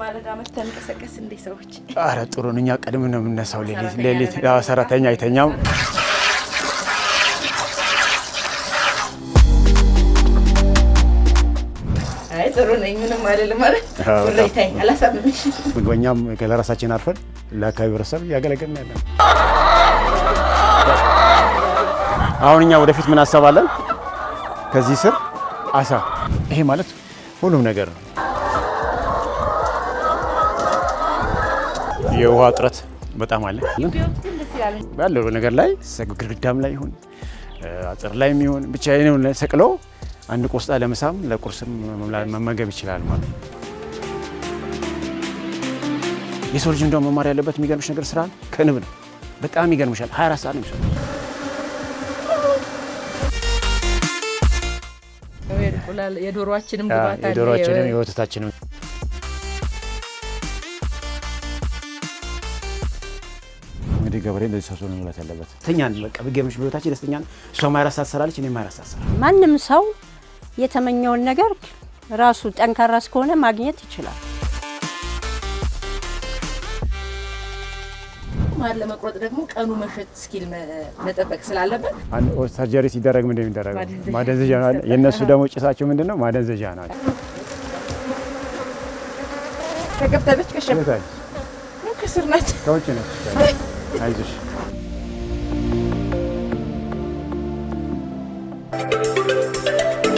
በማለዳ መተን እንቀሰቀስ እንዴ ሰዎች? አረ ጥሩ ነው። እኛ ነው የምነሳው። ሌሊት ሌሊት ሰራተኛ አይተኛም። ለራሳችን አርፈን ለአካባቢ ህብረተሰብ እያገለገልን ያለን። አሁን እኛ ወደፊት ምን አሰባለን? ከዚህ ስር አሳ ይሄ ማለት ሁሉም ነገር ነው። የውሃ እጥረት በጣም አለ ባለው ነገር ላይ ግድግዳም ላይ ይሁን አጥር ላይ የሚሆን ብቻ ሰቅሎ አንድ ቆስጣ ለምሳም ለቁርስም መመገብ ይችላል ማለት ነው። የሰው ልጅ እንደው መማር ያለበት የሚገርምሽ ነገር ስራ ከንብ ነው። በጣም ይገርምሻል። 24 ሰዓት ነው የሚሰራው። የዶሮችንም የወተታችንም እንግዲህ ገበሬ እንደዚህ ሰርቶ ነው መብላት ያለበት። ተኛን በቃ ብገምሽ ብሎታችን ደስተኛ እሷ ማይረሳ ትሰራለች፣ እኔ ማይረሳ ትሰራ። ማንም ሰው የተመኘውን ነገር ራሱ ጠንካራ እስከሆነ ማግኘት ይችላል። ማር ለመቁረጥ ደግሞ ቀኑ መሸት እስኪል መጠበቅ ስላለበት ሰርጀሪ ሲደረግ ማደንዘዣ ነው። የእነሱ ደግሞ ጭሳቸው ምንድን ነው? ማደንዘዣ ነው። ከሸ ከስር ከውጭ ነች። Hayır. Thank